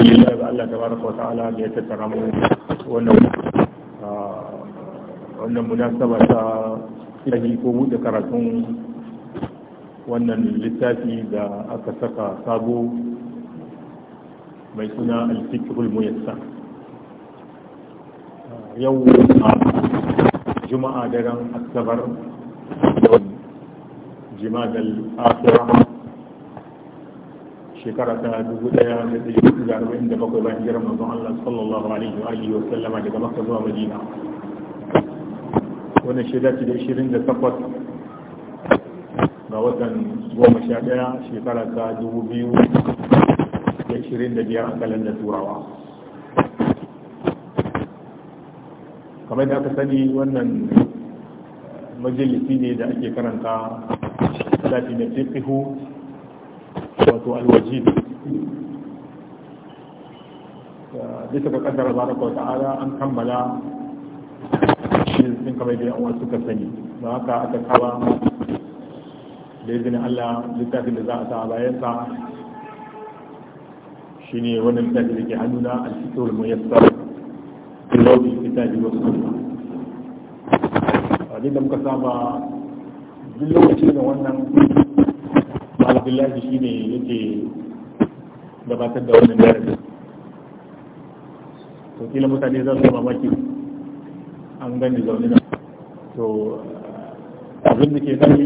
alhamdulillah ga Allah tabaraka wa ta'ala da ya tattara mu wannan wannan munasaba ta ilahi ko buɗe karatun wannan littafi da aka saka sabo mai suna alfikirul muyassar yau a juma'a daren asabar jima'a da al'afiyar shekara ta dubu daya da ɗari da arba'in da bakwai bayan hijirar manzon Allah sallallahu alaihi wa alihi wa sallama daga Makka zuwa Madina wannan shaida ce da ishirin da takwas ga watan goma sha ɗaya shekara ta dubu biyu da ishirin da biyar a kalandar turawa kamar da aka sani wannan majalisi ne da ake karanta littafi na fiqhu wato alwajid bisa ga kaddara baraka wa ta'ala an kammala shi sun kamar da yawa suka sani da haka aka kawa da izini Allah littafin da za a sa bayan sa ne wannan littafin da ke hannuna a cikin muyassar lawbi kitabi wa sunna a da muka saba duk lokacin da wannan abdullahi shi ne yake gabatar da wani darasi to kila mutane za su mamaki an gani zaune na to abin da ke zai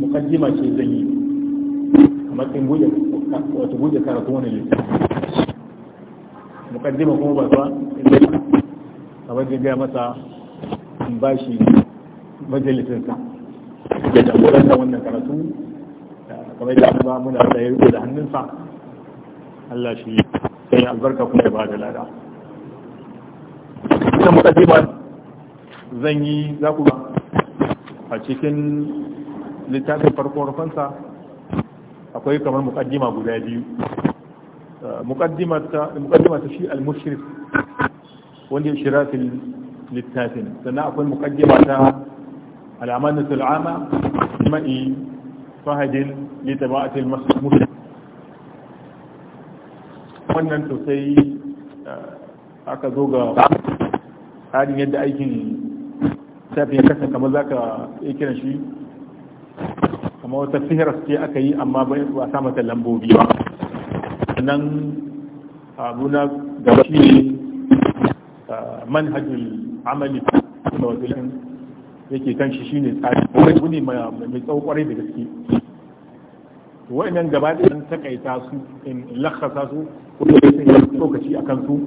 mukaddima ce zan yi kamar in buɗe wata buɗe karatu wani littafi mukaddima kuma ba zuwa inda kamar da gaya masa in ba shi majalisinsa ya jagoranta wannan karatu kamar da ba muna da riko da hannunsa Allah shi sai albarka kuma ya ba da lada ita mukaddima zan yi za a cikin littafin farko rufansa akwai kamar mukaddima guda biyu uh, mukaddima ta shi al-mushrif wanda ya shira fil littafin sannan akwai mukaddima ta al-amanatul ama lima'i fahadin لتباعة المسلم wannan to sai aka zo ga hadin yadda aikin tafiya kasa kamar za ka yi kiran shi kamar wata sihirar ce aka yi amma ba a sa mata lambobi ba sannan abu na gaba shi ne manhajul amali da wajen yake kan shi shine tsari wani mai tsawo kwarai da gaske wa'annan gaba ɗayan takaita su in lakasa su ko da yi lokaci a kansu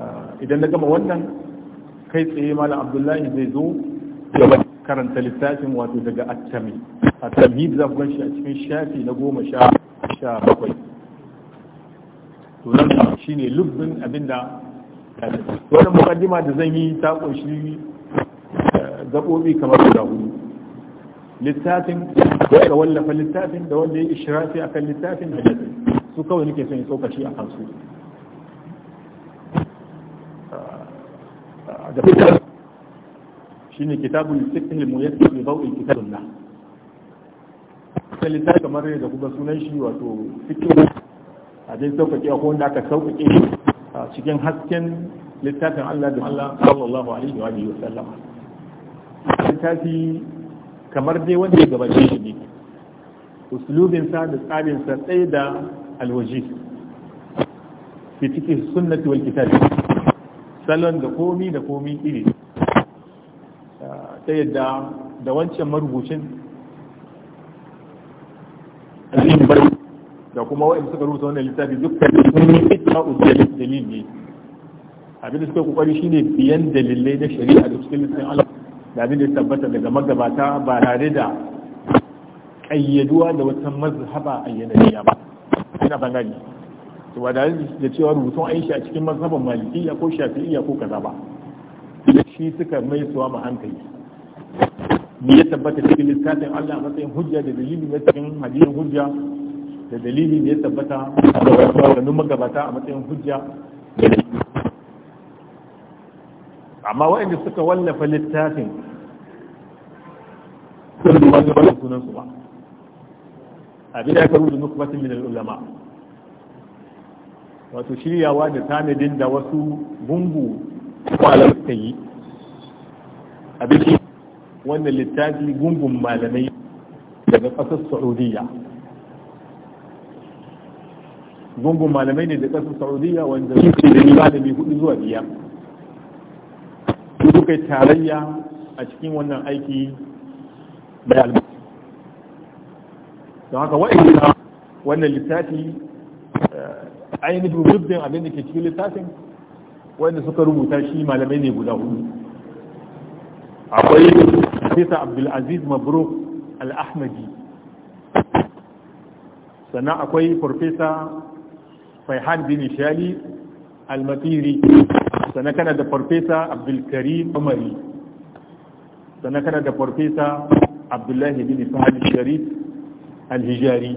ah, idan na gama wannan kai tsaye malam abdullahi zai zo karanta littafin wato daga attami attami za ku ganshi a cikin shafi na goma sha sha bakwai to nan ne lubbin abinda wannan mukaddima da zan yi ta kunshi zaɓobi eh, kamar guda hudu littafin da wallafa littafin da wanda ya ishirafi a kan littafin da su kawai nake son yi tsokaci a kansu da fitar shi ne kitabun sikil mu yadda ke bau'in kitabun na sai littafin kamar yadda kuma sunan shi wato sikil a dai sauƙaƙe a wanda aka sauƙaƙe cikin hasken littafin Allah da Allah sallallahu alaihi wa sallama. Littafin. kamar dai wanda ya gabace shi ne sa da sa tsaye da alwaji fi cikin sunnati wal kitabi salon da komi da komi iri ta yadda da wancan marubucin alim bari da kuma wa'in suka rubuta wannan littafi dukkan sun yi itma'u dalil ne abin da suka kokari shine biyan dalilai na shari'a da cikin littafin Allah da abin da ya tabbata daga magabata ba tare da ƙayyaduwa da wata mazhaba ayyanariya ba ina bangare. to ba da da cewa rubutun an a cikin mazhaban ya ko shafi'iyya ko kaza ba shi suka mai suwa ma hankali ni ya tabbata cikin lissafin Allah a matsayin hujja da dalili na cikin hadisin hujja da dalili ne ya tabbata magabata a matsayin hujja amma waɗanda suka wallafa littafin sun ba su ba sunansu ba abin da ya karu da nukubatin min ulama wato shiryawa da tanadin da wasu gungu kwalar suka yi abin wannan littafi gungun malamai daga ƙasar saudiya gungun malamai ne da ƙasar saudiya wanda suke da malami hudu zuwa biyar suka tarayya a cikin wannan aiki da albarka don haka wa'ina wannan littafi eh, ainihin rubin abin da ke cikin littafin wanda suka rubuta shi malamai ne guda hudu akwai fesa abdulaziz mabruk al-ahmadi sannan akwai farfesa faihan bin shali al-matiri sannan kana da farfesa abdulkarim umari sannan kana da farfesa abdullahi bin sahal sharif alhijari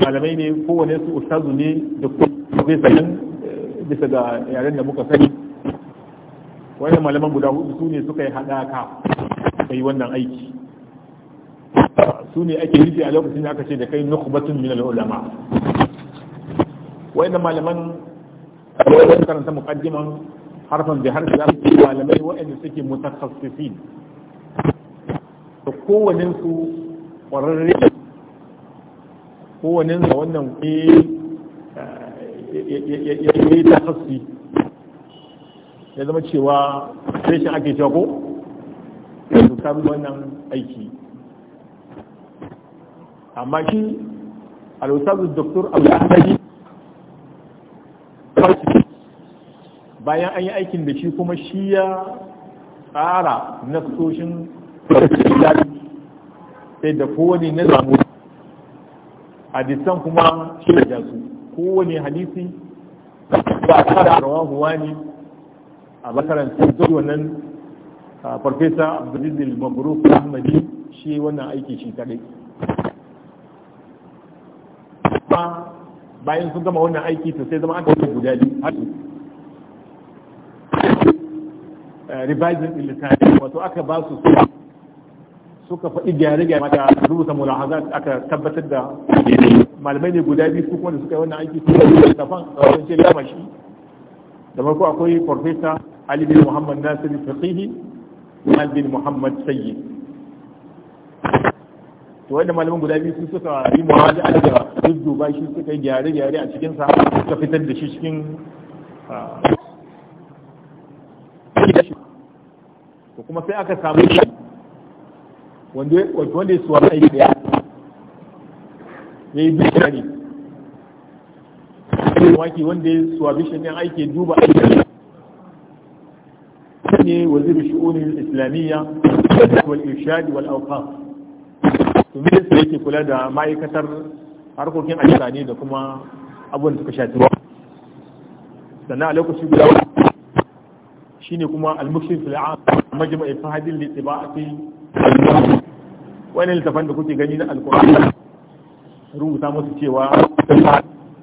malamai ne kowane su ustazu ne da farfesa yan eh, bisa ga yaren da muka sani wannan malaman guda hudu su ne suka yi haɗaka yi wannan aiki su ne ake nufi a lokacin da aka ce da kai nukubatun min al-ulama wayannan malaman wajen karanta muqaddiman harfan bi harfi za su malamai waɗanda suke mutakhasisin da kowannen su ƙwararre kowannen su wannan ya yi takhassi ya zama cewa sai ake cewa ko su kan wannan aiki amma shi al-ustaz doktor ya Ahmadi bayan an yi aikin da shi kuma shi ya tsara nassoshin sai da kowane na zamu hadisan kuma shi da jasu kowane hadisi ba a da rawan huwa ne a bakaran sai wannan farfesa abdulaziz mabruk ahmadi shi wannan aiki shi kadai bayan sun gama wannan aiki to sai zama aka yi guda biyu revising din littafi wato aka ba su suka faɗi gyare-gyare mata rubuta mulahazar aka tabbatar da malamai ne guda biyu su kuma da suka yi wannan aiki suka yi littafan sun ce lamashi da farko akwai farfesa ali bin muhammad nasir faqihi ali bin muhammad sayyid to wanda malaman guda biyu su suka yi muhawaja a da dudduba shi suka yi gyare-gyare a cikinsa suka fitar da shi cikin ah, kuma sai aka samu wanda ya suwa aiki daya ya yi bishira ne waki wanda ya suwa bishira ne aiki duba aiki ne waziri shi'unin islamiyya wal irshadi wal auqaf to me yasa yake kula da ma'aikatar harkokin ajiyar ne da kuma abun da suka shafi sannan a lokaci guda shine kuma al-muksin fil am majma'i fahadin li tibati wani littafan da kuke gani na alkur'ani rubuta musu cewa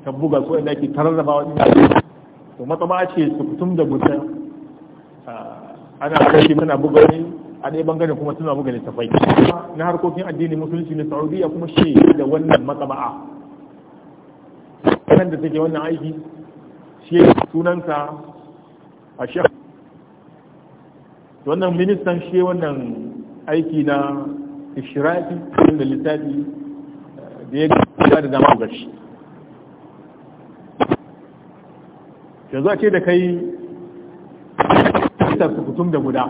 ta buga ko inda ke tararraba wani to matsama ce su fitum da gusa ana kashi muna buga ne, a ɗaya bangaren kuma suna buga littafai na harkokin addinin musulunci na saudiya kuma shi da wannan matsama'a kan da take wannan aiki shi sunansa a shekaru wannan ministan shi wannan aiki na ishirati da littafi eh, da ya gaba da zama shi yanzu a ce da kai ta kutum da guda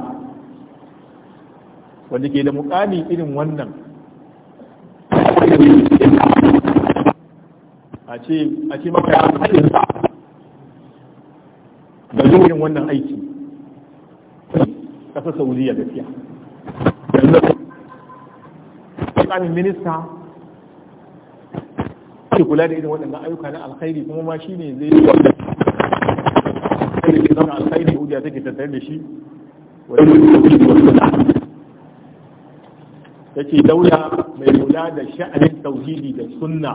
wanda ke da mukami irin wannan a ce maka da irin wannan aiki ƙasar saudiya gaskiya yanzu kamin minista ke kula da irin waɗannan ayyuka na alkhairi kuma ma shi ne zai yi zama alkhairi hudiya take tattare da shi ta ce daula mai kula da sha'anin tauhidi da sunna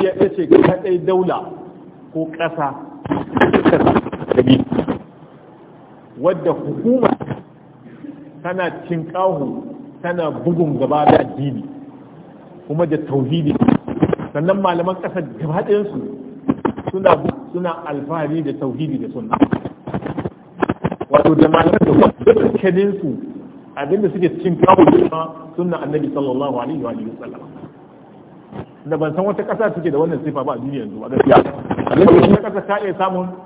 ya ce kaɗai daula ko ƙasa wadda hukuma tana cinkahu tana bugun gaba da addini kuma da tauhidi sannan malaman ƙasa gaba suna suna alfahari da tauhidi da sunna wato da malaman da wadda su abinda suke cin kawo kuma sunna annabi sallallahu alaihi wa wasallam da ban san wata ƙasa suke da wannan sifa ba a duniya yanzu a gaskiya a lokacin ƙasa ta iya samun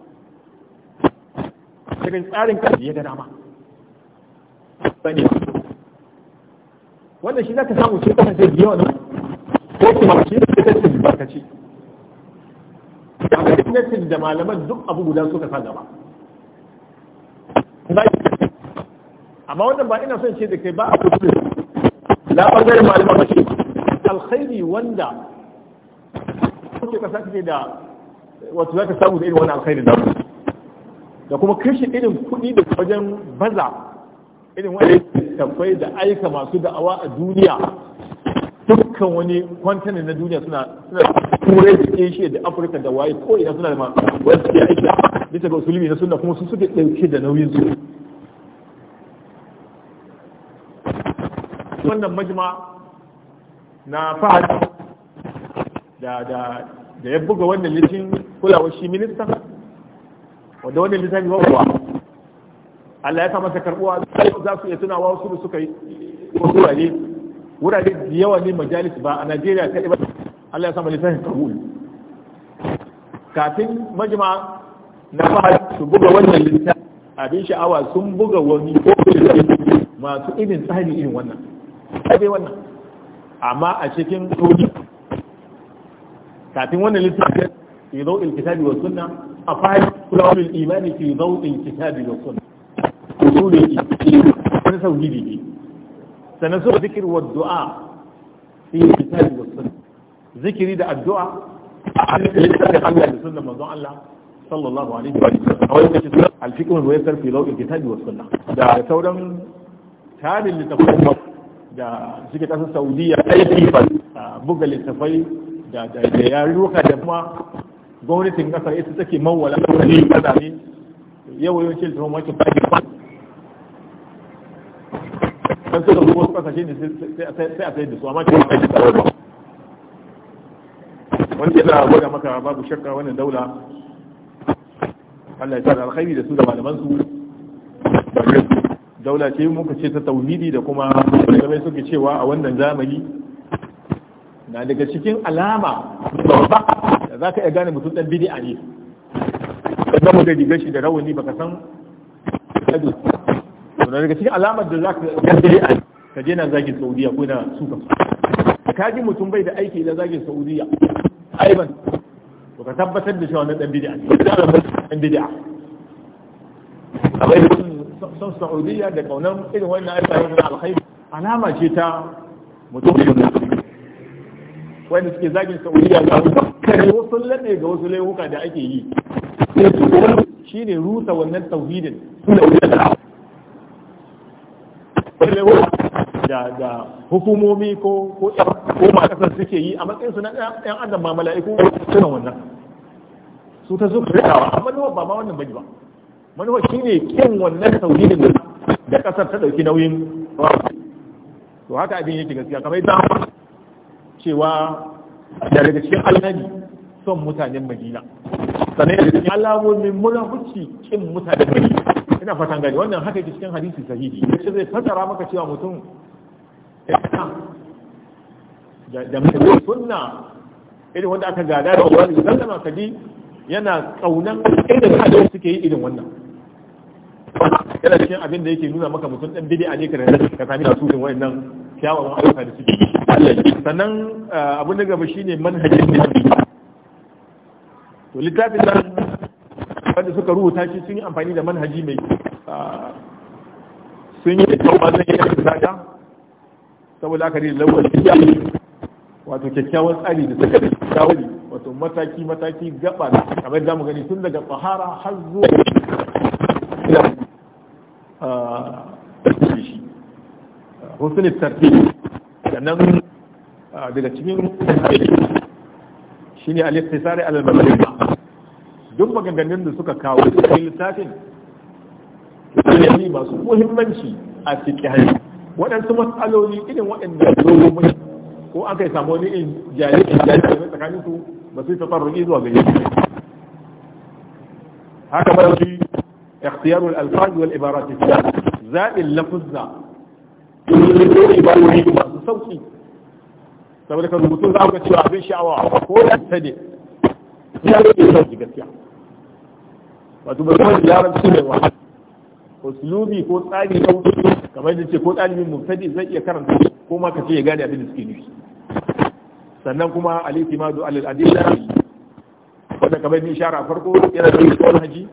cikin tsarin kashi ya ga dama bane wannan shi zaka samu shi kasance biyo wannan ko kuma shi ne tattalin barkaci amma tattalin da malaman duk abu guda suka sa gaba amma wannan ba ina son ce da kai ba a kudu la bangaren malaman ba ce alkhairi wanda kuke kasa kake da wato zaka samu da irin wani alkhairi na da da kuma kashe irin kuɗi da wajen baza irin wani tafai da aika masu da'awa a duniya dukkan wani kwantanin na duniya suna turai da asia da afirka da waye ko ina suna da ma wasu ke aiki bisa ga usulimi na suna kuma su suke ɗauke da nauyin su wannan majma na fahad da ya buga wannan litin kulawar shi ministan wanda wani lissafi ba Allah ya sa masa karbuwa za su iya tunawa wasu su suka yi wurare wurare da yawa ne majalis ba a Najeriya kai ba Allah ya sa masa lissafin kabul kafin majima na fahar su buga wannan lissa abin sha'awa sun buga wani masu irin tsari irin wannan sai wannan amma a cikin tuni kafin wannan littafin izo ilkitabi wa sunna a fahari kula wani imani fi zauɗin kitabi da sun su ne na sauhidi ne sannan su zikir wa du'a fi kitabi da sun zikiri da addu'a a littafin Allah da sunnan manzon Allah sallallahu alaihi da tarin littafin da suke Saudiyya, saudiya aiki buga littafai da yaruka da kuma gwamnatin kasar ita take mawala kasali kaza ne yau yau ce da wancan fagin kwan kan suka zuwa su kasashe ne sai a sayar da su amma ce wakil a ba wani ke za gwada maka babu shakka wannan daula Allah ya tsara alkhairi da su da malaman su daula ce muka ce ta tauhidi da kuma malamai suke cewa a wannan zamani na daga cikin alama babba za ka iya gane mutum ɗan bid'a ne ka mu da rigar shi da rawani baka san ado to daga cikin alamar da za ka ga bid'a ka je na zagin Saudiya ko na suka ka ji mutum bai da aiki da zagin Saudiya aiban to ka tabbatar da cewa na ɗan bid'a ne ɗan bid'a akwai son Saudiya da kaunan irin wannan ayyukan alkhairi alama ce ta mutum wanda suke zagin Saudiya ga daga wasu lalle ga wasu laifuka da ake yi shi ne rusa wannan tauhidin da wuce da da hukumomi ko ko ma kasar suke yi a matsayin su na ɗan adam ma mala'iku suna wannan su ta zuka rikawa amma manuwa ba ma wannan bane ba manuwa shine kin wannan tauhidin da kasar ta dauki nauyin to haka abin yake gaskiya kamar yadda cewa daga cikin alhaji son mutanen madina sannan da cikin alamomin munafuci kin mutanen madina ina fatan gani wannan haka yake cikin hadisi sahihi yace zai fasara maka cewa mutum da mutum sunna irin wanda aka gada da wani sallama kaji yana kaunan irin hadin suke yi irin wannan yana cikin abin da yake nuna maka mutum dan bid'a ne kana ka sami da su da nan, kyawawan ayyuka da suke sannan eh, abin da gaba shine manhajin da to littafin nan wanda suka rubuta shi sun yi amfani da manhaji mai ah, sun yi da kyau yi da saboda aka lauwa da yi. wato kyakkyawan tsari da suka shawari wato mataki mataki gaba kamar damu gani tun daga tsahara har zuwa ah, shi tarfi da nan ah, daga cikin Shi shine al tsari al-mabalika duk maganganun da suka kawo suka yi lissafin ne masu muhimmanci a fiƙihari waɗansu matsaloli irin waɗanda zo mun ko aka yi samu wani in jari in jari a tsakanin su ba su yi tafarruki zuwa gari haka ba shi ikhtiyar al-alfaz wal ibarat zaɓin lafuzza masu sauki saboda ka rubutu za ka cewa abin sha'awa ko da ta ne ya rubuta sauki gaskiya wato ba kuma larabci mai wahala uslubi ko tsari ko kamar da ce ko ɗalibin mubtadi zai iya karanta ko ma ka ya gane abin da suke nufi sannan kuma ma itimadu alil adilla wanda kamar ni shara farko yana da wani haji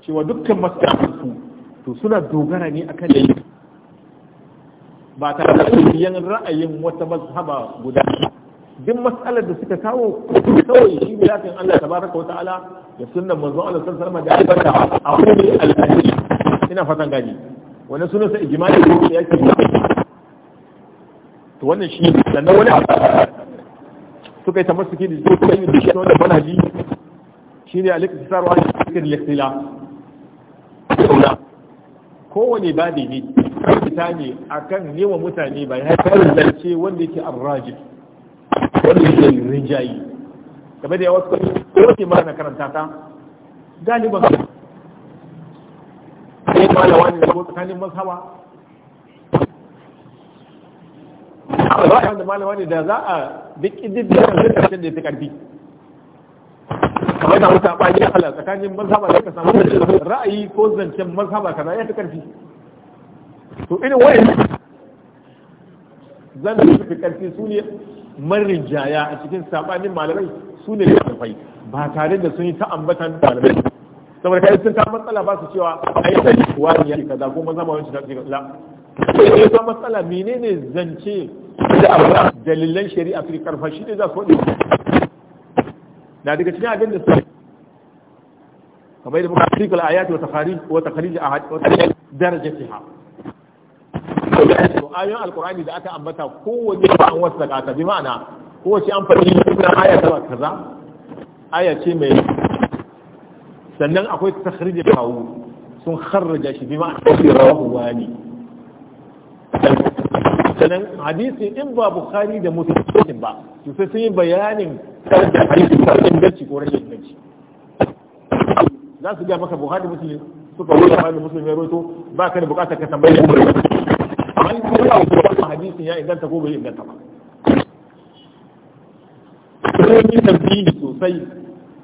cewa dukkan masu to suna dogara ne akan da ba tare da ra'ayin wata mazhaba guda duk matsalar da suka kawo kawai shi ne zafin Allah tabaraka wa ta'ala da sunnan manzo Allah sallallahu alaihi wasallam da albarka a wani alhaji ina fatan gani wannan sunan sa ijma'i ko ya ke to wannan shi sannan wani suka yi tamassuki da shi kan da shi wannan manhaji ne al-iktisaru a cikin al-ikhtilaf kowane babi ne fita ne akan wa mutane bayan haifar ce wanda yake arrajih wanda suke rinjayi game da yawa su kai wace mara na karanta ta galiban sai ma da wani ko tsakanin mazhaba a ba wanda malama ne da za a duk ididiyar da zai da ya fi karfi kamar da wuta ba ya ala tsakanin mazhaba da ka samu ra'ayi ko zancen mazhaba kaza ya fi karfi to irin wani zan fi karfi su ne jaya a cikin sabanin malamai su ne littattafai ba tare da sun yi ta ambatan malamai saboda kai sun ta matsala ba su cewa ai sai wani ya kaza ko maza ma wani suke ce la sai ta matsala menene zance da dalilan shari'a su karfa shi ne za su wani na daga cikin abin da su kamar da muka article ayati wa takharij wa takharij ahad wa darajatiha to ayoyin alkur'ani da aka ambata kowace an wasu da ka bi ma'ana kowace an faɗi na aya ta kaza aya ce mai sannan akwai takhrij kawo sun kharraja shi bi ma'ana shi rawahu wani sannan hadisi in ba bukhari da muslim ba to sai sun yi bayanin da hadisi ta inganci ko rashin inganci za su ga maka bukhari muslim suka wuce bayan muslim ya roto ba ka da bukatar ka tambaye an tsaya wannan hadisin ya inganta ko bai inganta ba sai tambayi sosai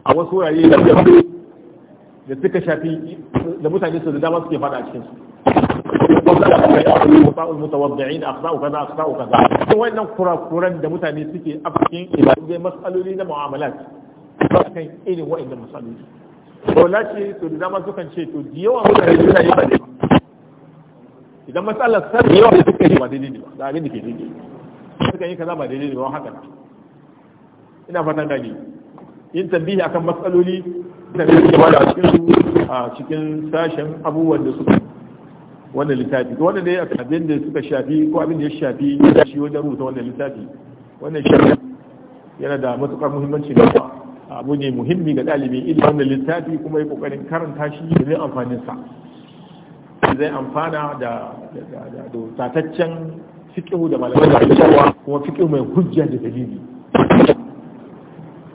a wasu wurare da da suka shafi da mutane su da dama suke fada a cikin su wasa'ul mutawaddi'in akhta'u da mutane suke a cikin da mas'aloli na mu'amalat kan irin wa'annan mas'aloli to lace to da dama sukan ce to da yawa mutane suna yi idan matsalar sarri yawa da suka yi ba daidai ba da abin da ke daidai suka yi kaza ba daidai ba haka na ina fatan gani yin tambihi akan matsaloli da ke ba da cikin a cikin sashen abubuwan da suka wannan littafi to wannan a abin da suka shafi ko abin da ya shafi shi wajen rubuta wannan littafi wannan shi yana da matukar muhimmanci ga abu ne muhimmi ga ɗalibin ilimin wannan littafi kuma ya kokarin karanta shi da amfanin sa musulunci zai amfana da tataccen fiƙihu da malamai kuma fiƙihu mai hujja da dalili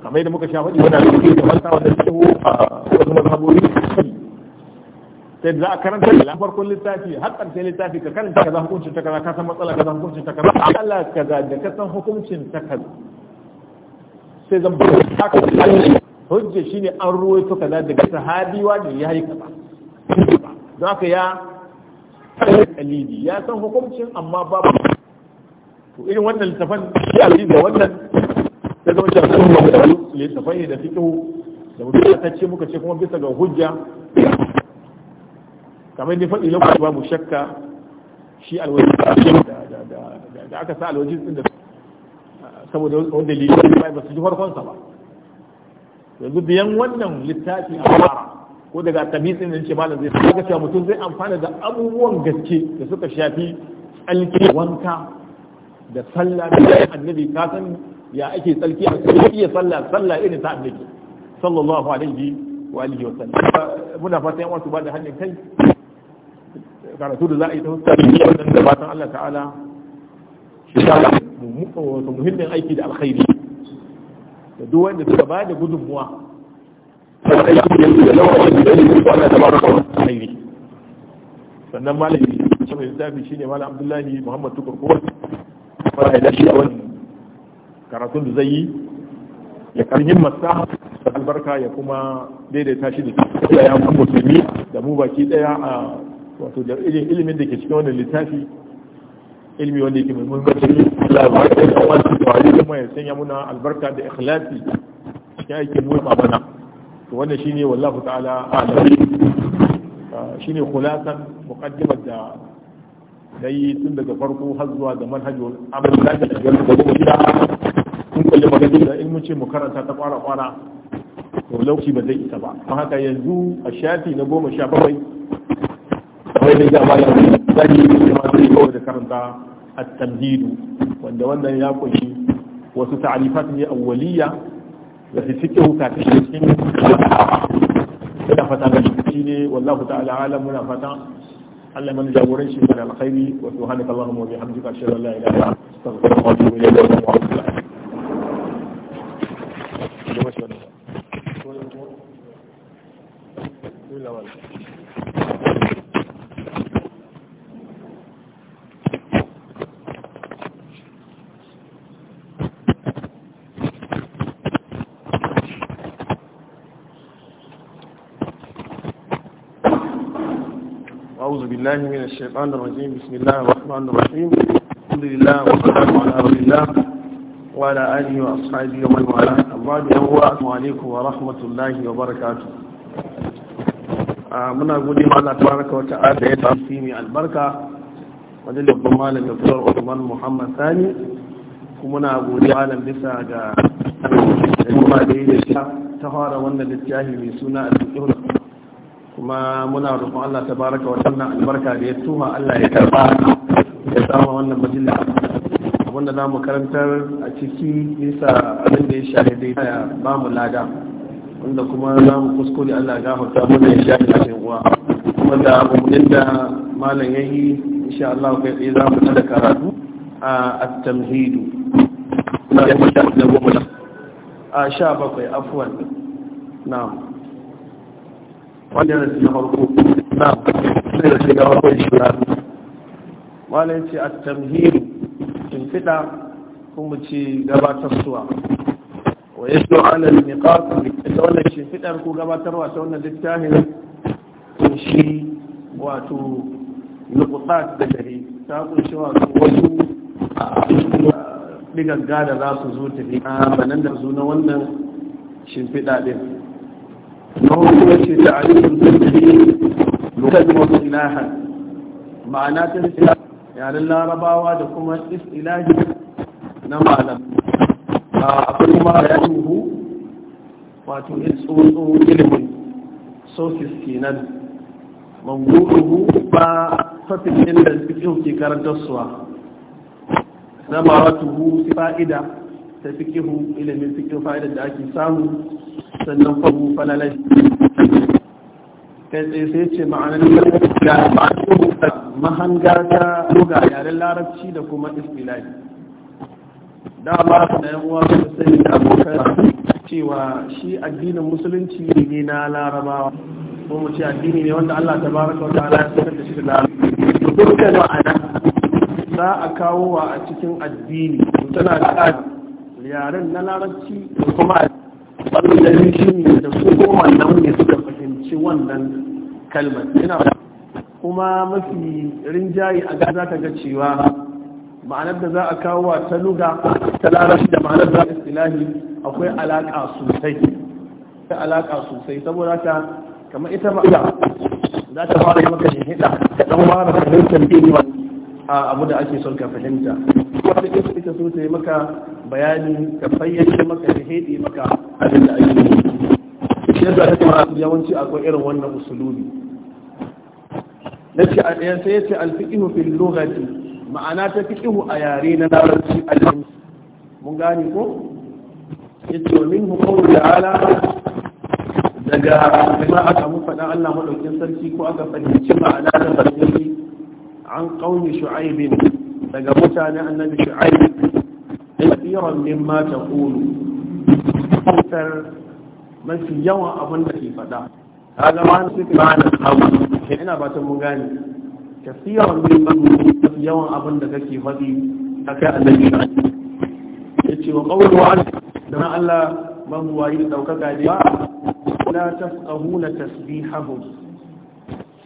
kamar yadda muka sha faɗi da suke da wata wanda fiƙihu a wasu mazhabori sai za a karanta da kun littafi har ƙarshen littafi ka karanta kaza hukuncin ta kaza ka san matsala kaza hukuncin ta kaza Allah kaza da ka san hukuncin ta kaza sai zan ba haka hujja shine an ruwaito kaza daga sahabiwa da ya yi kaza za ka ya alidi ya san hukuncin amma babu to irin wannan littafan ya alidi da wannan ya zama a sun ba da littafan ne da fito da mutum ta ce muka ce kuma bisa ga hujja kamar ni faɗi lokaci ba mu shakka shi alwaji da aka sa alwaji din da saboda wanda lili ba su ji farkonsa ba yanzu biyan wannan littafi a fara ko daga tabisin da yake malam zai saka cewa mutum zai amfana da abubuwan gaske da suka shafi tsalki wanka da sallah da annabi ka san ya ake tsalki a cikin iya sallah sallah irin ta annabi sallallahu alaihi wa alihi wa sallam muna fata yan wasu ba da hannun kai karatu da za a yi ta hukumar wannan da fatan Allah ta'ala shi ta muhimmin aiki da alkhairi da duk wanda suka ba da gudunmuwa sannan malami shi mai littafi shi ne malam abdullahi muhammad tukur kowar wanda ya dashi a wani karatun da zai yi ya karhin masa da albarka ya kuma daidaita shi da ya musulmi da mu baki daya a wato da ilimin da ke cikin wannan littafi ilmi wanda yake mai muhimmanci Allah wani ya kuma ya sanya muna albarka da ikhlasi ya mu ba mana to wannan shine wallahu ta'ala alam ah, shine kulasan muqaddimar da yi tun daga farko har zuwa ga manhajul amal da da gaba gida kun kalli magana da in mun ce mu karanta ta kwara kwara to lokaci ba zai isa ba don haka yanzu a shafi na goma sha bakwai kamar da ga malam zai yi ma yi kawai da karanta a tamhidu wanda wannan ya kunshi wasu ta'alifat ne awwaliya da fi suke huka ta shi cikin da fata ga shi ne wallahu ta'ala alam muna fata Allah mana jagoran shi da alkhairi wa subhanaka allahumma wa bihamdika ashhadu an la ilaha illa anta astaghfiruka wa atubu ilayk wa assalamu alaikum أعوذ بالله من الشيطان الرجيم بسم الله الرحمن الرحيم الحمد لله والصلاة على رسول الله وعلى آله وأصحابه ومن والاه الله السلام عليكم ورحمة الله وبركاته da ya tafi mai albarka wajen babban malam Dr. Muhammad Sani kuma gode malam bisa ga kuma da ya ta fara mai suna kuma muna roƙon Allah ta baraka wa sannan albarka da ya tuha Allah ya karɓa. ya sama wannan majalla abinda za mu karantar a ciki nisa abin da ya shahidai ya ba mu lada wanda kuma za mu kuskure Allah gafarta wanda ya shahida cikin uwa kuma da mu da malam ya yi insha Allah kai tsaye za mu tada karatu a at-tamhidu a sha bakwai afuwan na'am wanda yana cikin harko na sai da shiga harkon shura malai ce a tamhiru shimfiɗa kuma ce gabatar suwa wa ya shi ala miƙaƙa da wannan shimfiɗar ko wa ta wannan littafin kunshi wato nukutat da dare ta kunshi wato wasu digagga da za su zo tafi a manan da zo na wannan shimfiɗa ɗin nau'in da ce ta alifin zirgin lokacin wasu ilahan ma'ana ta siya yaren larabawa da kuma ilahi na malam a akwai kuma ya tuhu wato tsotso ilimin sosis kenan manguruhu ba fafin inda suke karantar suwa na maratuhu fa'ida ta fikihu ilimin fikihu fa'idar da ake samu sannan fahu falalai kai tsaye sai ce ma'anar ga mahanga ta ga yaren larabci da kuma istilahi dama da yan uwa su sani da abokan cewa shi addinin musulunci ne na larabawa ko mu ce addini ne wanda Allah ta baraka wa ta'ala ya sanar da shi da larabawa dukkan ma'ana za a kawo wa a cikin addini tana da yaren na larabci da kuma da shi ne da su wannan ne suka fahimci wannan kalmar yana kuma mafi rinjaye a gaza ta ga cewa ma'anar da za a kawo wa ta luga ta larabci da ma'anar da istilahi akwai alaƙa sosai ta alaƙa sosai saboda ta kamar ita ma'ana za ta fara yi maka shihida ta ɗan fara fahimtar ilmi a abu da ake son ka fahimta wata ita so ta yi maka bayani ka fayyace maka da hede maka abin da ake shi yasa ta masu yawanci akwai irin wannan usulubi nace a ɗayan sai yace al-fiqhu fil lughati ma'ana ta fiqhu a yare na larabci al mun gane ko yace wa minhu qawlu ta'ala daga kuma aka mu faɗa Allah madaukin sarki ko aka fahimci ma'ana da sarki an qaumi shu'aib daga mutane annabi shu'aib kira min mata kulu kusan mafi yawan abin da ke fada ta zama su tsanin abu ke ina ba ta mun gani ta fiye min mata yawan abin da kake faɗi a kai annabi ya ce cewa ƙaunar wa da na allah ban buwa da ɗaukaka ne ba na ta ƙahuna ta sbi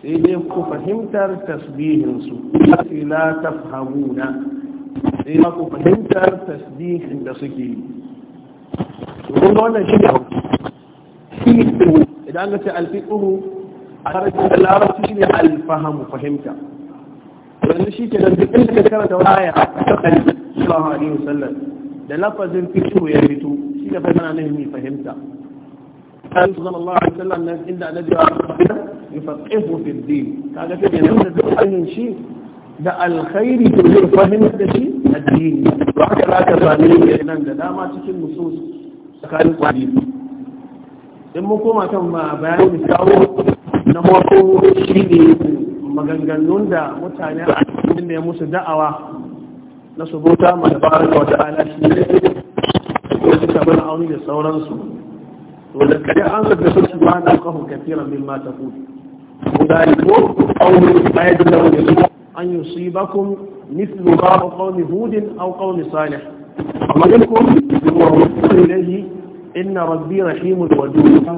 sai dai ku fahimtar tasbihinsu su na ta fahimuna sai za ku fahimtar tasbihin da suke yi kun ga wannan shi ne fiqhu idan an ce alfiqhu a harafin da larabci shi ne alfahamu fahimta yanzu shi ke da duk inda ka karanta wani aya ta kalli sallallahu alaihi wasallam da lafazin fiqhu ya fito shi ne fa yana nufin fahimta قال صلى الله عليه وسلم إن الذي يفقهه في الدين قال كده ينزل أي شيء ده الخير يفهم ده شيء addini dini ka haka za ka sami nan da dama cikin nusus tsakanin kwari in mun koma kan bayanin misawo na farko shine maganganun da mutane a cikin ne musu da'awa na su bauta ma tabaraka wa ta'ala shi ne ko suka bar auni da sauransu to da kare an zaga su subhanahu wa ta'ala kafiran mimma taqul ذلك أو ما يدل أن يصيبكم مثل ما قوم هود أو قوم صالح ومنكم ومنكم إليه إن ربي رحيم ودود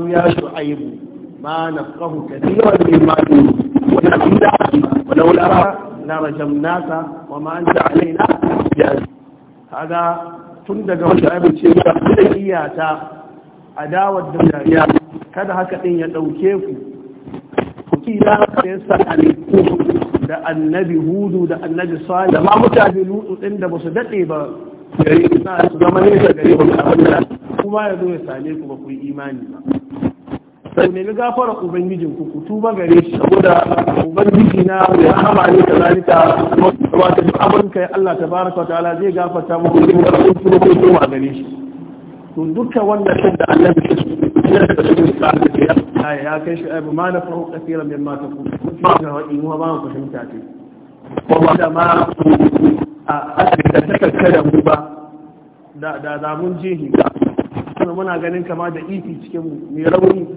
يا شعيب ما نفقه كثيرا مما يقول ولولا لرجمناك وما أنت علينا بجاز هذا تندق وشعيب الشيخ إياتا adawar الدنيا كذا kada haka din ya dauke ku da annabi hudu da annabi sani da ma mutane lutu din da basu dade ba gari na su zama ne da gari ba abinda kuma ya zo ya same ku ba ku yi imani ba sai nemi gafara ubangijin ku ku tuba gare shi saboda ubangiji na ya hama ne da zalika ta duk abin kai Allah tabaraka wa ta'ala zai gafarta muku in da kuma kuma ku tuba gare shi to duka wannan shin da annabi ya shi ya kai shi abu ma na faru mai mata taqul ba da mu ba da muna ganin kama da ifi cikin mai rauni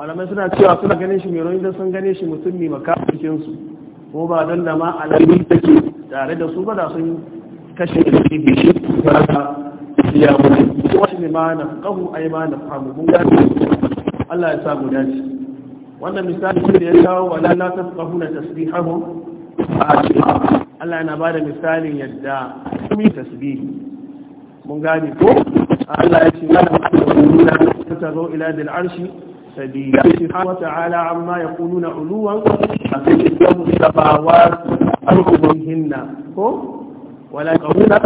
Alamai suna cewa suna ganin shi mai rauni don sun gane shi mutum mai maka cikin su ko ba don da ma tare da su ba da sun kashe ifi shi ba ya shi ne ma na kahu ai ma na famu mun Allah ya sa mu dace wannan misali da ya kawo wa la A tasbihahum Allah yana bada misalin yadda mi tasbihi. mun gani ko Allah ya ce da ta'budu ta zo ila dil arshi sabila subhanahu wa ta'ala amma ya kunu yaquluna uluwan asibu sabawat arhumihinna ko wala qawla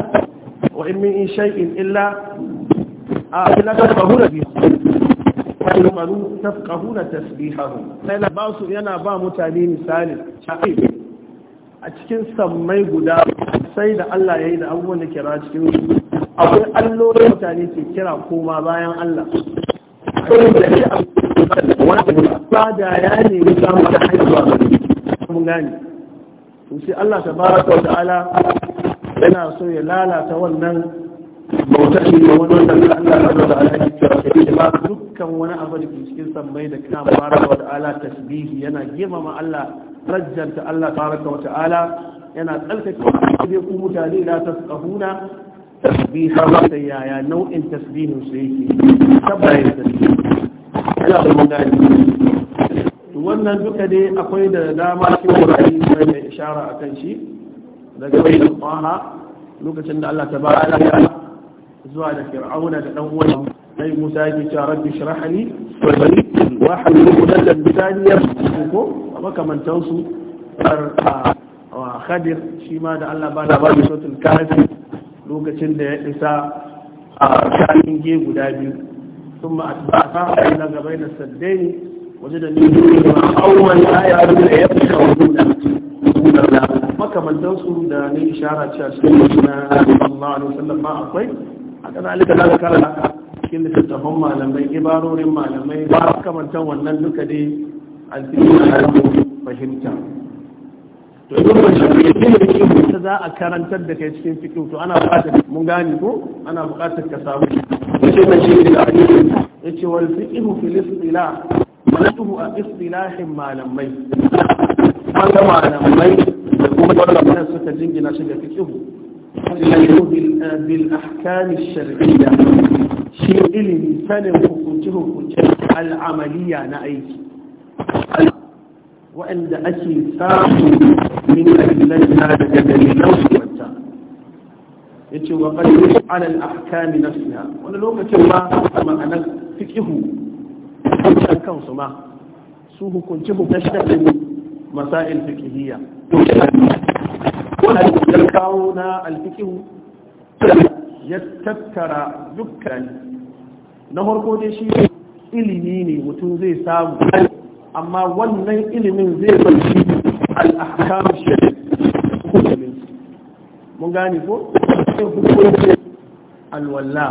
wa in min shay'in illa a ah, illa tafqahuna bihi maru tafqahuna tasbihahu sai la basu yana ba mutane misali a cikin sammai guda sai da Allah yayi da abubuwan da kira cikin akwai allolin mutane ke kira koma bayan Allah Bada ya nemi samun haihuwa mun gane to sai Allah ta wa ta'ala yana so ya lalata wannan bauta shi ne wani wanda Allah na da ala ke cewa sai da ba dukkan wani abu da ke cikin sammai da kan fara wa ta'ala tasbihi yana girmama Allah rajjanta Allah tabaraka wa ta'ala yana shi dai ku mutane da ta la tasqahuna tasbiha wa yaya nau'in tasbihin su yake tabbata tasbihi yana da magana wannan duka dai akwai da dama shi wurare da mai ishara a kan shi daga wani kwaha lokacin da Allah ta ba ya zuwa da fir'auna da dan uwan sai Musa yake cewa rabbi shrah li sadri wa halul qudatan bitaniyar ko makamantan su wa khadir shi ma da Allah ba da ba sautul kafi lokacin da ya isa a kanin ge guda biyu ثم أتبعها إلى بين السدين وجد من دونهما أول لا يعلم لا يبقى وجودا مكة من دوسه دا ني إشارة شاشة الله عليه وسلم ma akwai. haka zalika za ka karanta cikin littattafan malamai ibarorin malamai ba su kamantan wannan duka dai a cikin alamu fahimta to idan ba shi ne ta za a karantar da kai cikin fikin to ana buƙatar mun gane ko ana buƙatar ka samu shi ne shi ne da yace wal fiqhu fil istilah manatuhu a istilahin malamai malamai da kuma wannan suka jingina shi ga fiqhu haifu bil'afkani shari'a shi ilimin sanin hukunci-hukunci al'amaliya na aiki wa'anda ake samu min ajiyar na daga dalilin nausuwarta ya ce wa ƙarfi alal afkani na suya wani lokacin ba a ma'anar fikihu a kansu ma su hukunci-hukunci masail fikihiyya wani da kawo na alfikihu ya tattara dukkan na farko dai shi ilimi ne mutum zai samu amma wannan ilimin zai barci al'ahkam shari'a mun gane ko sai hukunci alwalla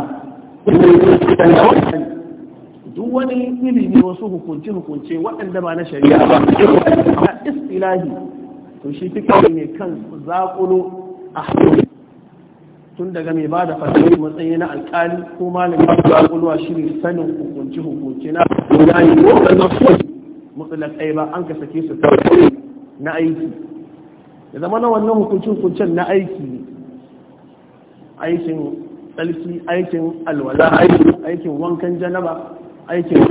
duk wani ilimi wasu hukunce hukunce waɗanda ba na shari'a ba a istilahi to shi fikiri ne kan zaƙulo a tun daga mai ba da fasari matsayi na alƙali ko malamin zaƙulowa shi ne sanin hukunci hukunci na ko da nasu mutsalakai ba an ka sake su na aiki ya zama na wannan hukuncin hukuncin na aiki ne aikin tsarki aikin alwala aikin wankan janaba aikin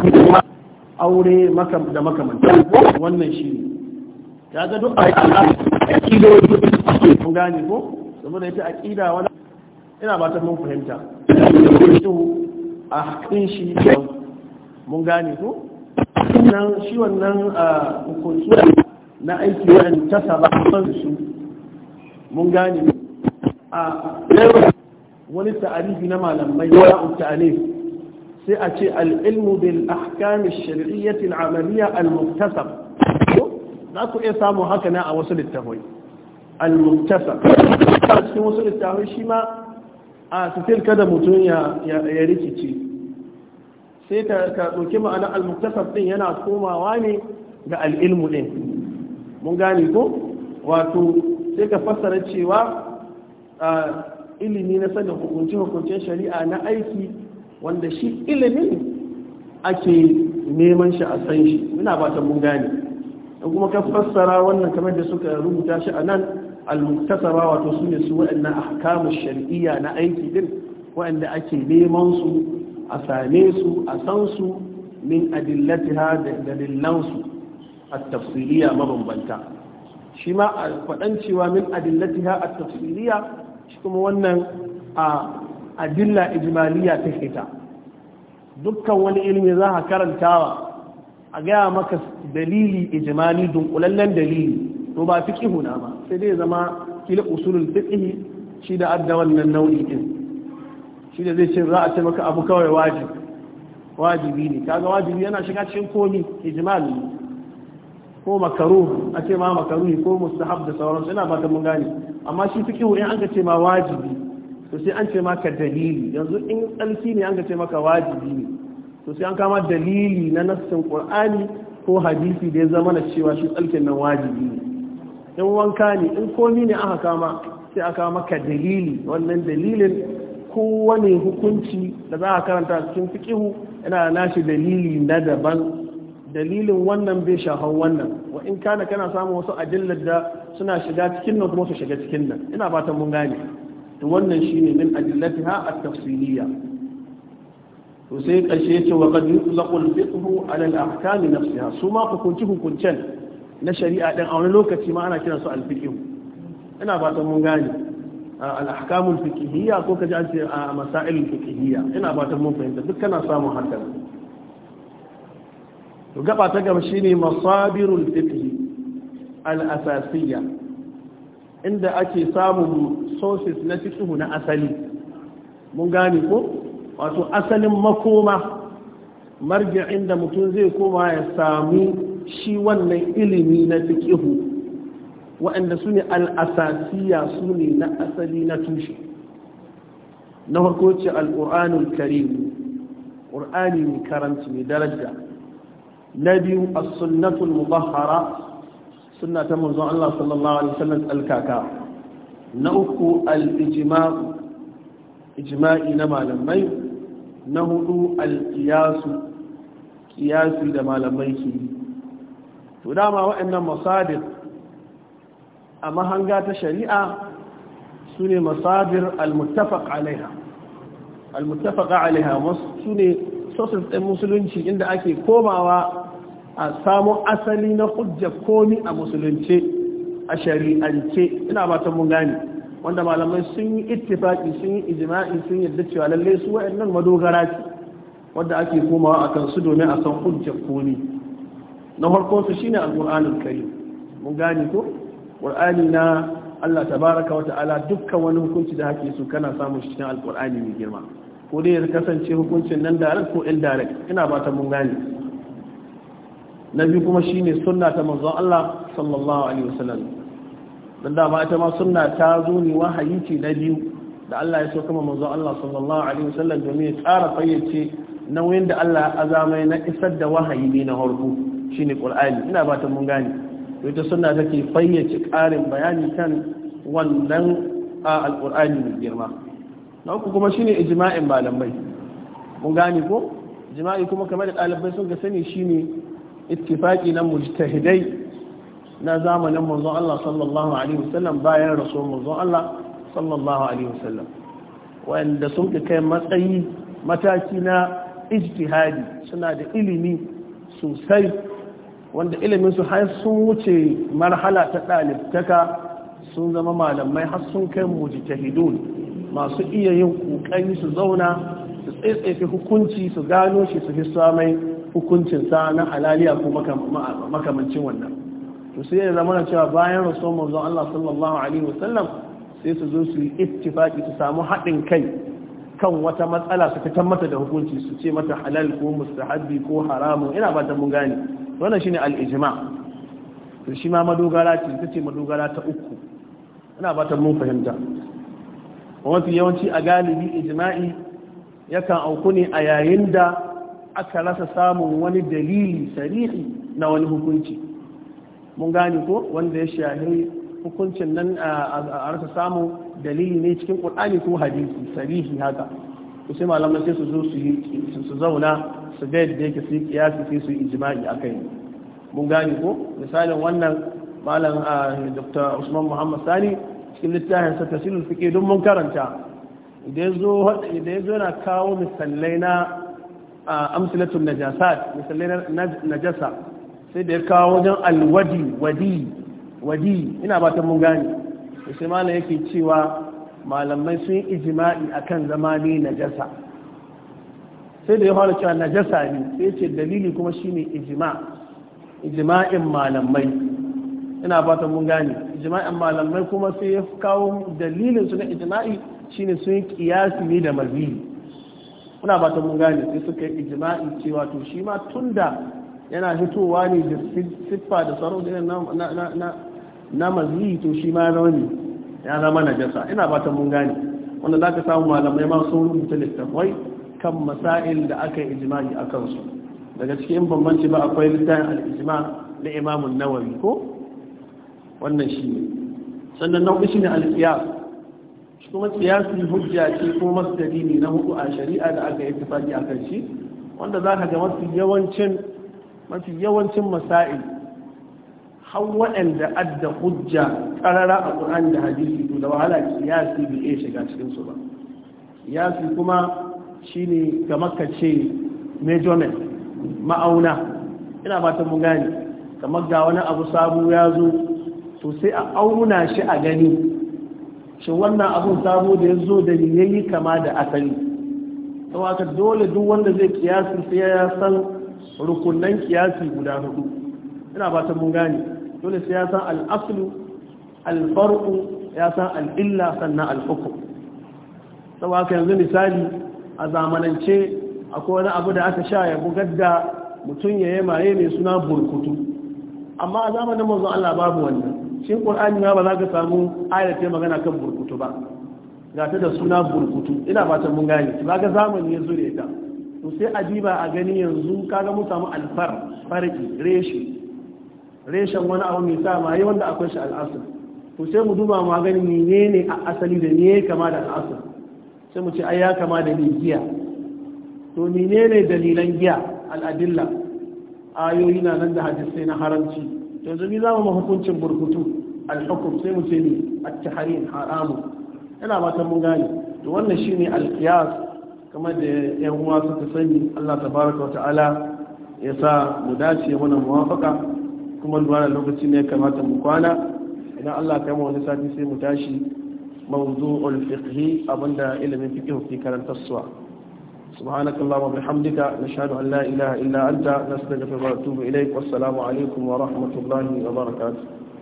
aure da makamanta wannan shi ne ta ga duk aƙidoji kun gane ko saboda ita aƙida wani ina ba ta mun fahimta a hakin shi mun gane ko nan shi wannan hukunsu na aiki wajen ta saba su mun gane a wani ta'arifi na malamai wa'un ta'alif سئة العلم بالأحكام الشرعية al المكتسب za ku iya samun haka na a wasu littafai al muktasa a cikin wasu littafai shi ma a sitir kada mutum ya rikici sai ka ɗauki ma'ana al muktasa ɗin yana komawa ne ga al'ilmu ɗin mun gane ko wato sai ka fassara cewa ilimi na sanin hukuncin-hukuncin shari'a na aiki wanda shi ilimin ake neman shi a san shi muna ba ta mun gane in kuma ka fassara wannan kamar da suka rubuta shi a nan al-muktasara wato su ne su waɗannan ahkamu shari'iyya na aiki din waɗanda ake neman su a same su a san su min adillatiha da dalilan su at-tafsiliya mabambanta shi ma a faɗan cewa min adillatiha at-tafsiliya shi kuma wannan a adilla ijmaliya ta fita dukkan wani ilimi za ka karantawa a gaya maka dalili ijimali dunkulallen dalili to ba fiqihu na ba sai dai zama kila usulul fiqh shi da adda wannan nau'i din shi da zai ce za a ce maka abu kawai wajib wajibi ne kaga wajibi yana shiga cikin komi ijmali ko makaru a ce ma makaruhi ko mustahab da sauransu ina fatan mun gane amma shi kihu in an ka ce ma wajibi to sai an ce maka dalili yanzu in tsalki ne an ka ce maka wajibi ne to sai an kama dalili na nassin qur'ani ko hadisi da ya zama na cewa shi tsalkin nan wajibi ne in wanka ne in komi ne aka kama sai aka maka dalili wannan dalilin kowane hukunci da za a karanta cikin fikihu yana da nashi dalili na daban dalilin wannan bai shafan wannan wa in kana kana samun wasu ajillar da suna shiga cikin nan kuma su shiga cikin nan ina fatan mun gane to wannan shine min ajillatiha at-tafsiliyya to sai ƙarshe ya ce wa qad yutlaqu al-fiqhu ala al na nafsiha su ma hukunci hukuncen na shari'a ɗin a wani lokaci ma ana kiransu al-fiqh ina fatan mun gane al-ahkamul fiqhiyya ko kaji an ce a masailul fiqhiyya ina fatan mun fahimta duk kana samun hankali. to gaba ta gaba shine masabirul fiqh al-asasiyya inda ake samun sources na fiqh na asali mun gane ko wato asalin makoma marji'in da mutum zai koma ya sami shi wannan ilimi na fiƙihu waɗanda su ne al'asasiya su ne na asali na tushe na farko ce al'ur'anul karim ƙur'ani mai karanci mai daraja na biyu a sunnatul mubahara suna ta manzon Allah sallallahu alaihi wasallam alkaka na uku al-ijma'u ijma'i na malamai na hudu alkiyasu da malamai ke yi to dama waɗannan masadir a mahanga ta shari'a su ne masadir almuttafaq alaiha almuttafaq alaiha su ne sosin ɗin musulunci inda ake komawa a samu asali na hujja komi a musulunce a shari'ance ina ba ta mun gane wanda malamai sun yi ittifaki sun yi ijma'i sun yarda cewa lalle su waɗannan madogara ce wanda ake komawa a su domin a san hujjar komi na farkon su shine alqur'anul karim mun gane ko qur'ani na Allah tabaraka wa ta'ala dukkan wani hukunci da hake su kana samun shi cikin alqur'ani mai girma ko dai ya kasance hukuncin nan direct ko indirect ina ba mun gane na biyu kuma shine sunna ta manzon Allah sallallahu alaihi wasallam don dama ita ma suna ta zo ne wahayi ce na biyu da Allah ya so kama manzo Allah sallallahu alaihi wasallam domin ya tsara fayyace nauyin da Allah ya azamai na isar da wahayi ne na harko shine Qur'ani ina fatan mun gane to ita suna take fayyace karin bayani kan wannan a al alqur'ani mai girma na uku kuma shine ijma'in malamai mun gane ko jima'i kuma kamar da ɗalibai sun ga sani shine ittifaqi na mujtahidai na zamanin manzon Allah sallallahu alaihi wasallam bayan rasul manzon Allah sallallahu alaihi wasallam wanda sun kai matsayi mataki na ijtihadi suna da ilimi sosai wanda ilimin su har sun wuce marhala ta dalibtaka sun zama malamai har sun kai mujtahidun masu iya yin kokari su zauna su tsaitsaye hukunci su gano shi su hissa mai hukuncin sa na halaliya ko makamancin wannan to sai ya zama cewa bayan rasuwar manzon Allah sallallahu alaihi wasallam sai su zo su yi ittifaki su samu haɗin kai kan wata matsala su fitar mata da hukunci su ce mata halal ko mustahabbi ko haramun ina ba ta mun gane wannan shine al-ijma to shi ma madogara ce ita ce madogara ta uku ina ba ta mun fahimta mafi yawanci a galibi ijma'i yakan auku ne a yayin da aka rasa samun wani dalili sarihi na wani hukunci mun gane ko wanda ya shahi hukuncin nan a rasa samun dalili ne cikin qur'ani ko hadisi sarihi haka to sai malamai sai su zo su yi su zauna su ga yadda yake su yi kiyasi sai su yi ijma'i kai mun gane ko misalin wannan malam Dr. Usman Muhammad Sani cikin littafin sa tafsirul fiqh don mun karanta idan ya zo na kawo misalai na amsalatun najasat misalai na najasa sai da ya kawo wajen alwadi wadi wadi ina ba ta mun gane sai malam yake cewa malamai sun yi ijima'i akan zama ne najasa sai da ya fara cewa najasa ne sai ce dalili kuma shine ijima ijima'in malamai ina ba ta mun gane ijima'in malamai kuma sai ya kawo dalilin su na ijima'i shine sun yi kiyasi ne da mazini ina ba ta mun gane sai suka yi ijima'i cewa to shi ma tunda yana fitowa ne da siffa da tsaro da na mazi to shi ma zama ne ya zama na jasa ina ta mun gane wanda za ka samu malamai ma sun rubuta littafai kan masail da aka yi ijimai a kansu daga cikin bambanci ba akwai littafin al'ijima na imamun nawari ko wannan shi ne sannan nau'i shi ne al'iyas shi kuma siyasi hujja ce ko masu dalili na hudu a shari'a da aka yi tafaki a kan shi wanda za ka ga mafi yawancin mafi yawancin masail har waɗanda adda hujja ƙarara a ƙuran da hadisi to da wahala kiyasi bai iya shiga cikinsu ba kiyasi kuma shine ga maka ce measurement ma'auna ina ba ta mun gane kamar ga wani abu sabu ya zo to sai a auna shi a gani shi wannan abun sabu da ya zo da yayi kama da asali to dole duk wanda zai kiyasi sai ya san rukunan kiyasi guda hudu ina ba ta mun gane dole sai ya san al'aslu alfar'u ya san al'illa sannan al'ukum sau haka yanzu misali a zamanance akwai wani abu da aka sha ya bugar da mutum ya yi maye mai suna burkutu amma a zamanin manzon Allah babu wannan shi qur'ani ma ba za ka samu ayar ta magana kan burkutu ba ga ta da suna burkutu ina ta mun gane Ba ga zamani ya zure ta to sai a a gani yanzu kaga mu samu alfar farki reshi reshen wani abu mai sa maye wanda akwai shi al'asar to sai mu duba mu gani menene a asali da ne kama da al'asar sai mu ce ai ya kama da giya to menene dalilan giya al'adilla ayoyi na nan da hadisi na haramci yanzu ni zamu hukuncin burkutu al hukm sai mu ce ni at-tahrim haramu ina ta mun gane to wannan shine al-qiyas kamar da yan uwa suka sani Allah tabaraka wa ta'ala ya sa mu dace mana muwafaka kuma lokacin da ya ne kamata mu kwana idan Allah kai mu wani sati sai mu tashi mawdu'ul fiqhi abinda ilimin fiqh ke karantar suwa سبحانك اللهم وبحمدك نشهد أن لا إله إلا أنت نستغفرك ونتوب إليك والسلام عليكم ورحمة الله وبركاته